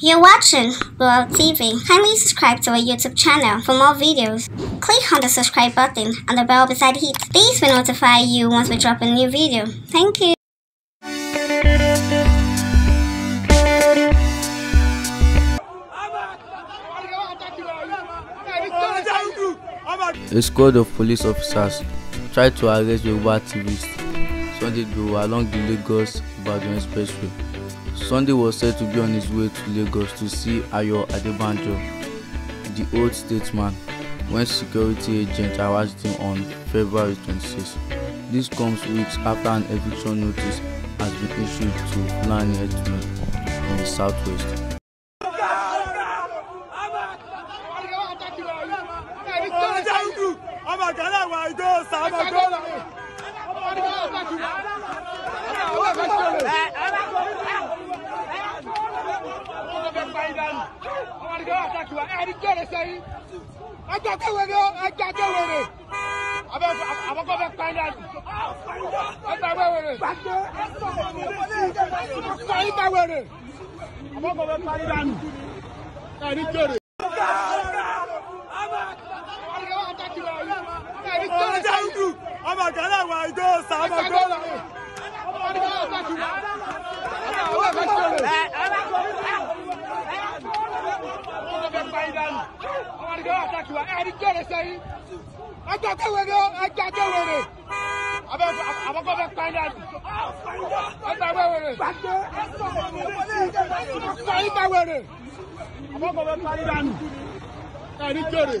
You're watching Blowout TV. Kindly subscribe to our YouTube channel for more videos. Click on the subscribe button and the bell beside it. These will notify you once we drop a new video. Thank you. A squad of police officers tried to arrest Yoruba activists Sunday Igboho along the Lagos-Ibadan expressway. Sunday was said to be on his way to Lagos to see Ayo Adebanjo, the old statesman, when security agents arrested him on February 26. This comes weeks after an eviction notice has been issued to Fulani Edmund in the southwest. ọmọ gánà wà ìdó ọsà ọmọ gánà. pàtàkì wa ẹni jèrè sẹ́yìn ẹjọ́ kéwèrè ẹjọ́ kéwèrè àbọ̀kọ́ fẹ́ pàdé àjù ẹjọ́ kéwèrè ẹjọ́ kéwèrè àbọ̀kọ́ fẹ́ pàdé àjù ẹni jèrè. dànù àwọn àdìgbò àtàkì wa ẹni jẹ́rẹ̀ sẹ́yìn ẹjọ́ kéwèrè ẹjọ́ kéwèrè àbọ̀kọ́ fẹ́ pàdé àdì ẹjọ́ kéwèrè pàdé kéwèrè àbọ̀kọ́ fẹ́ pàdé dànù ẹni jẹ́rẹ̀.